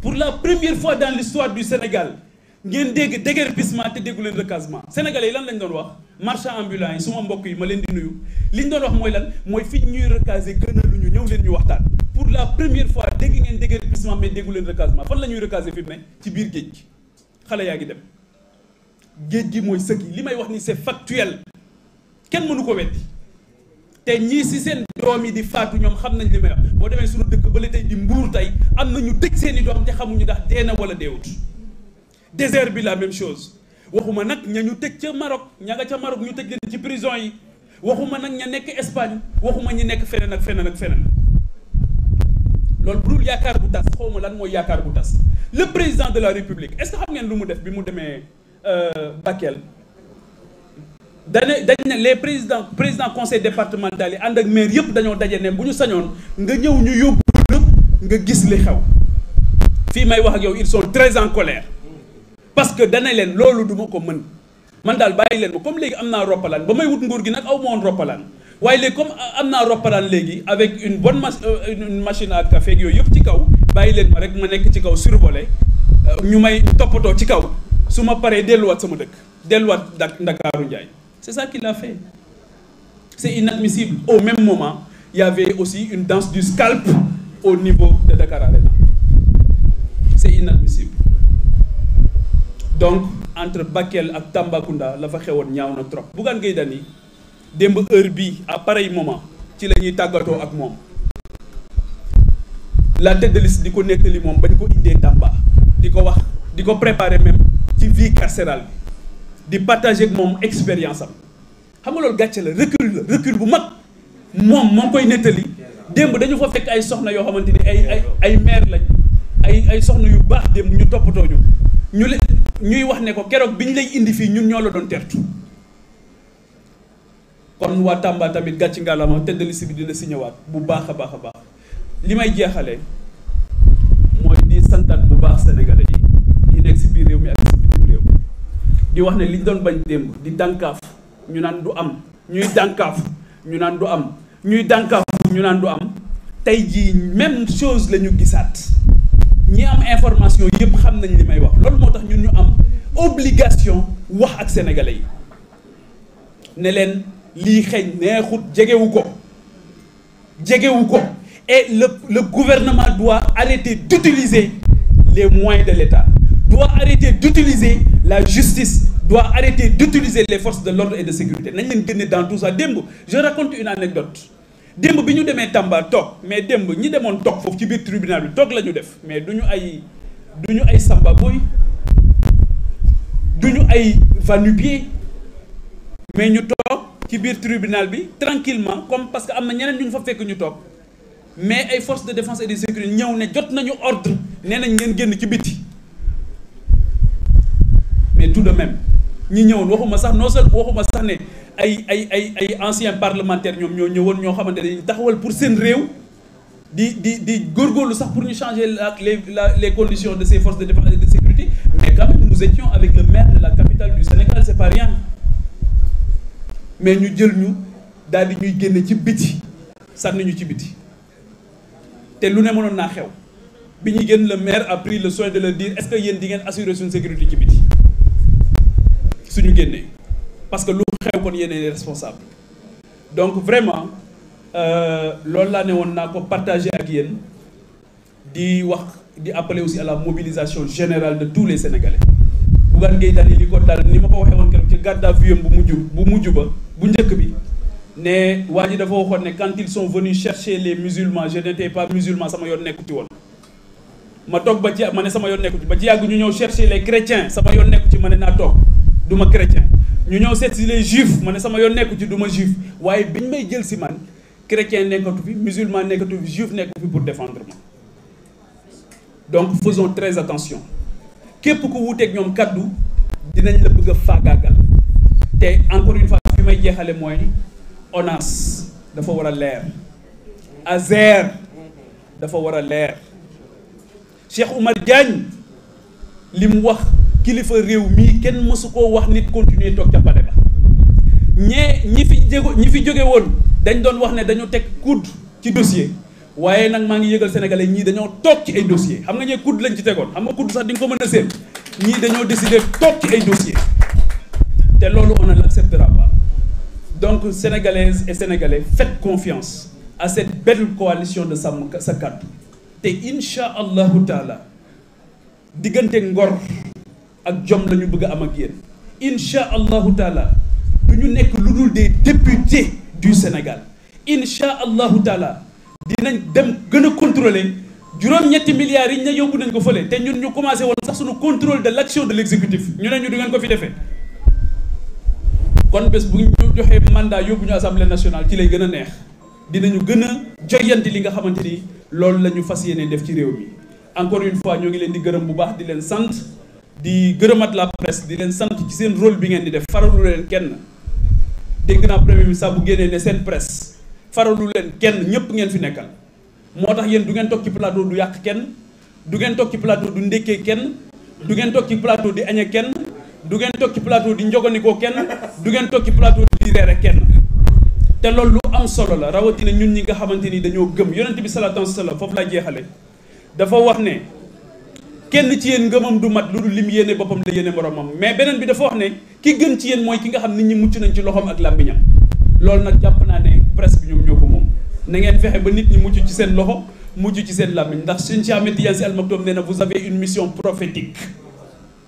pour la première fois dans l'histoire du Sénégal ngeen dégg déguerpissement te déggu leen recasement sénégalais yi lan lañ doon wax marchand ambulant yi ma mbokk yi ma leen di nuyu li ñu doon wax mooy lan mooy fi ñuy recaser ñu ñëw leen ñu waxtaan pour la première fois dégg ngeen déguerpissement mais déggu leen recasement fan la ñuy recaser fi mu ci biir géej gi xale yaa ngi dem géej gi mooy sëkk yi li may wax ni c'est factuel kenn mënu ko weddi doom yi di faatu ñoom xam nañ li may wax boo demee suñu dëkk ba la tey di mbuur tey am na ñu dëj seen i doom te xamuñu ndax dee na wala deewut désert bi la même chose waxuma nag ña ñu tëj ca Maroc ña nga ca Maroc ñu tëj leen ci prison yi waxuma nag ña nekk Espagne waxuma ñi nekk feneen ak feneen ak feneen loolu bu dul yaakaar bu tas xaw ma lan mooy yaakaar bu tas le président de la république est-ce xam ngeen lu mu def bi mu demee euh, Bakel. dañu dañ ne les président président conseil départemental yi ànd ak maire yëpp dañoo daje ne bu ñu sañoon nga ñëw ñu yóbbu nga gis li xew fii may wax ak yow ils sont très en colère parce que dana leen loolu duma ko mën man daal bàyyi leen ma comme léegi am naa roppalaan ba may wut nguur gi nag aw moon roppalaan waaye léegi comme am naa roppalaan léegi avec une bonne euh, une machine à café yooyu yëpp ci kaw bàyyi leen ma rek ma nekk ci kaw survolé euh, ñu may toppatoo ci kaw su ma paree delluwaat sama dëkk delluwaat Ndakaaru Njaay C'est ça fait. C'est inadmissible. Au même moment, il y aussi une danse du scalp au niveau de Dakar Arena. C'est inadmissible. Donc, entre Bakel ak Tambacounda la fa xewoon ñaaw na trop. Bougane Gueye Dany démb heure bi à pareil moment ci la ñuy tàggatoo ak moom la tête de liste di ko nettali moom bañ ko indee Tamba di ko wax di ko préparer même ci vie carcérale di partager ak moom expérience am xam nga loolu gàcce la recul bu mag moom moom koy nettali démb dañu fa fekk ay soxna yoo xamante ni ay ay ay maire lañ ay ay soxna yu baax démb ñu toppatoo ñu ñu le ñuy wax ne ko keroog bi ñu lay indi fii ñun ñoo la doon tertu kon waa Tamba tamit gàcc ngaalama tedd liste bi dina si ñëwaat bu baax a baax a baax li may jeexalee mooy di santaat bu baax sénégalais yi yi nekk si biir réew mi di wax ne liñ doon bañ démb di dànkaaf ñu naan du am ñuy dànkaaf ñu naan du am ñuy dànkaaf ñu naan du am tey jii même chose la ñu gisaat ñi am information yëpp xam nañ li may wax loolu moo tax ñun ñu am obligation wax ak sénégalais yi ne leen lii xeeñ neexut jegewu ko jegewu ko et le le gouvernement doit arrêter d'utiliser les moyens de l'État doit arrêter d'utiliser la justice doit arrêter d'utiliser les forces de l'ordre et de sécurité nañ leen génne dans tout ça démb je raconte une anecdote démb bi ñu demee Tamba toog mais démb ñi demoon toog foofu ci biir tribunal bi toog la ñu def mais du ñu ay du ñu ay samba boy du ñu ay va-nu-pieds mais ñu toog ci biir tribunal bi tranquillement comme parce que am na ñeneen ñu ñu fa fekk ñu toog mais ay forces de défense et de sécurité ñëw ne jot nañu ordre nee nañ ngeen génn ci biti mais tout de même ñi ñëwoon waxuma sax noo seulement waxuma sax ne ay ay ay ay anciens parlementaires ñoom ñoo ñëwoon ñoo xamante ni taxawal pour seen réew di di di góor góorgóorlu sax pour ñu changer la les la les condition de ces forces de défense et de sécurité mais quand même nous étions avec le maire de la capitale du Sénégal c'est mais ñu jël ñu daal di ñuy génne ci biti sànni ñu ci biti te lu ne mënoon naa xew bi ñuy génn le maire a pris le de leur dire est-ce ci biti. suñu génnee parce que lu xew kon yéen responsable donc vraiment euh, loolu laa ne woon naa ko partager ak yéen di wax di appeler aussi à la mobilisation générale de tous les sénégalais Bougane Gueye Dany ni ma ko waxee woon keroog ci garde à vue bu mujj bu mujj ba bu njëkk bi ne waa ji dafa waxoon ne quand ils sont venus chercher les musulmans je n'étais pas musulman sama yoon nekkuti woon ma toog ba ci ne sama yoon nekku ci ba ci yàgg ñu ñëw chercher les chrétiens sama yoon nekku ci ma ne naa toog du ma chrétien ñu ñëw seet si les juifs ma ne sama yoon nekku ci duma ma juif waaye biñ may jël si man chrétien nekkatu fi musulman nekkatu fi juif nekk fi pour défendre ma donc faisons très attention képp ku wuuteeg ñoom kàddu dinañ la bëgg a faagaagal te encore yu fois bi may jeexale mooy ONAS dafa war a leer ASER dafa war a leer Cheikh Oumar Diagne li mu wax kilifa réew mii kenn mësu koo wax nit continuer toog ca pale ba ñee ñi fi jégo ñi fi jóge woon dañ doon wax ne dañu teg coude ci dossier waaye nag maa ngi yëgal sénégalais ñii dañoo toog ci ay dossier xam nga ñee coude lañ ci tegoon xam nga coude sax di nga ko mën a seen ñii dañoo décider toog ci ay dossier te loolu on ne l'acceptera pas donc sénégalaises et sénégalais faites confiance à cette belle coalition de Sàmm Sa Kàddu te incha allahu taala diggante ngor ak jom la ñu bëgg a am ak yéen incha allahu taala du ñu nekk lu dul des députés du Sénégal incha allahu taala dinañ dem gën a contrôler juróom-ñetti milliards yi ñu yóbbu nañ ko fële te ñun ñu commencé woon sax suñu contrôle de l' action de l' ñu ne ñu du ngeen ko fi defee kon bés bu ñu joxee mandat yóbbu ñu assemblée nationale ci lay gën a neex dinañu gën a joyanti li nga xamante ni loolu la ñu fas yéene def ci réew mi encore une fois ñoo ngi leen di gërëm bu baax di leen sant. di gërëmat la presse di leen sant ci seen rôle bi ngeen di def faralu leen kenn dégg naa premier ministre bu génnee ne seen presse faralu leen kenn ñëpp ngeen fi nekkal moo tax yéen du ngeen toog ci plateau du yàq kenn du ngeen toog ci plateau du ndékkee kenn du ngeen ci plateau di añe kenn du ngeen toog ci plateau di njogonikoo kenn du ngeen toog ci plateau di reere kenn te loolu lu am solo la rawatina ñun ñi nga xamante ni dañoo gëm yonent bi salaatu wa salaam foofu laa jeexale dafa wax ne kenn ci yéen ngëmam du mat lu dul lim yéene boppam la yéene moromam mais beneen bi dafa wax ne ki gën ci yéen mooy ki nga xam nit ñi mucc nañ ci loxoom ak làmmiñam loolu nag jàpp naa ne presse bi ñëw ko moom na ngeen fexe ba nit ñi mucc ci seen loxo mucc ci seen làmmiñ ndax Sëriñ Cheikh Ahmed Tidiane Sy Al Maktoum nee na vous avez une mission prophétique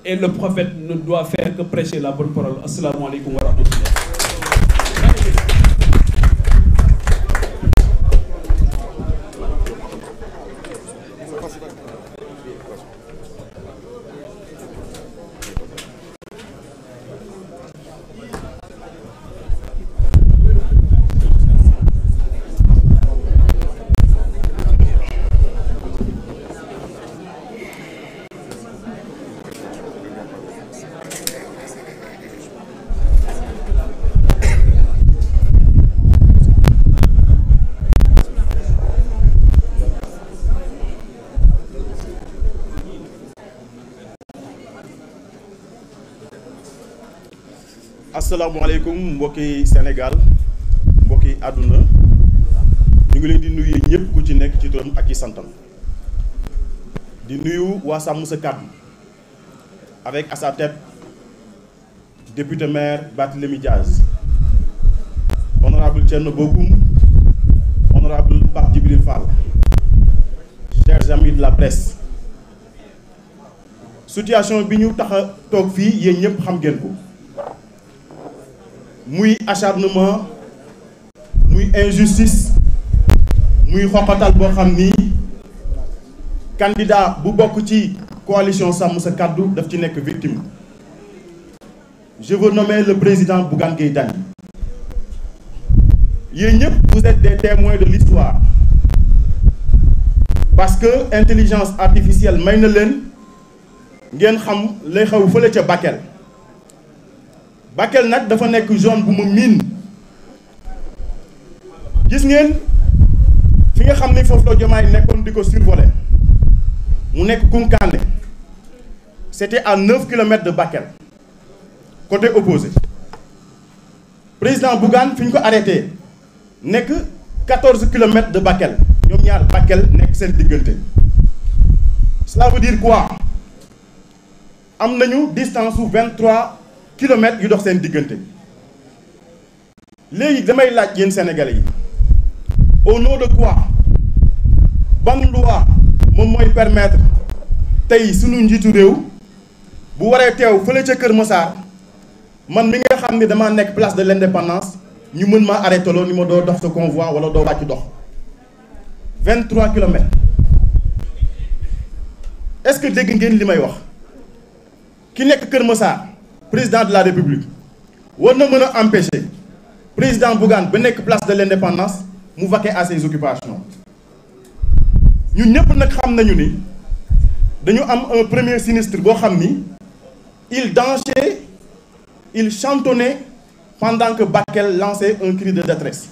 et le prophète ne doit faire que prêcher la bonne parole asalaamaaleykum wa rahmatullah asalaamaaleykum mbokki Sénégal mbokki àdduna ñu ngi leen di nuyu ñëpp ku ci nekk ci turam ak ci santam di nuyu waa Sàmm sa kàddu avec à sa tête député maire Barthélémy Diaz honorable Thierno Bocoum honorable la presse situation bi ñu tax a toog fii yéen ñëpp xam ngeen ko muy acharnement muy injustice muy xoqatal boo xam ni candidat bu bokk ci coalition sàmm sa kàddu daf ci nekk victime je veux nommer le président Bougane Gueye Dany yéen ñëpp vous êtes des témoins de l'histoire parce que intelligence artificielle may na leen ngeen xam lay xew fële ca Bakel Bakel nag dafa nekk zone bu ma miin gis ngeen fi nga xam ni foofu la nekkoon di ko survolé mu nekk Kounkané c'était à 9 kilomètres de Bakel côté opposé président Bougane fi ñu ko arrêté nekk 14 kilomètres de Bakel ñoom ñaar Bakel nekk seen diggante cela veut dire quoi am nañu distance su 23 kilomètres yu dox seen diggante léegi damay laaj yéen sénégalais yi au nom de quoi ban loi moom mooy permettre tey sunu njiitu réew bu waree teew fële ca Kër Massar man mi nga xam ne damaa nekk place de l'indépendance ñu mën maa arrêté loo ni ma doo dox sa convoi wala doo wàcc dox vingt trois kilomètres est-ce que dégg ngeen li may wax ki nekk Kër Massar président de la république war na mën a empêcher président Bougane ba nekk place de l'indépendance mu vaquer à ses occupations ñun ñëpp nag xam nañu ni dañu am un premier sinistre boo xam ni il dansait il chantonnait pendant que Bakel lançait un cri de détresse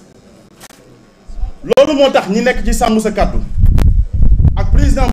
loolu moo tax ñi nekk ci sàmm sa kàddu ak président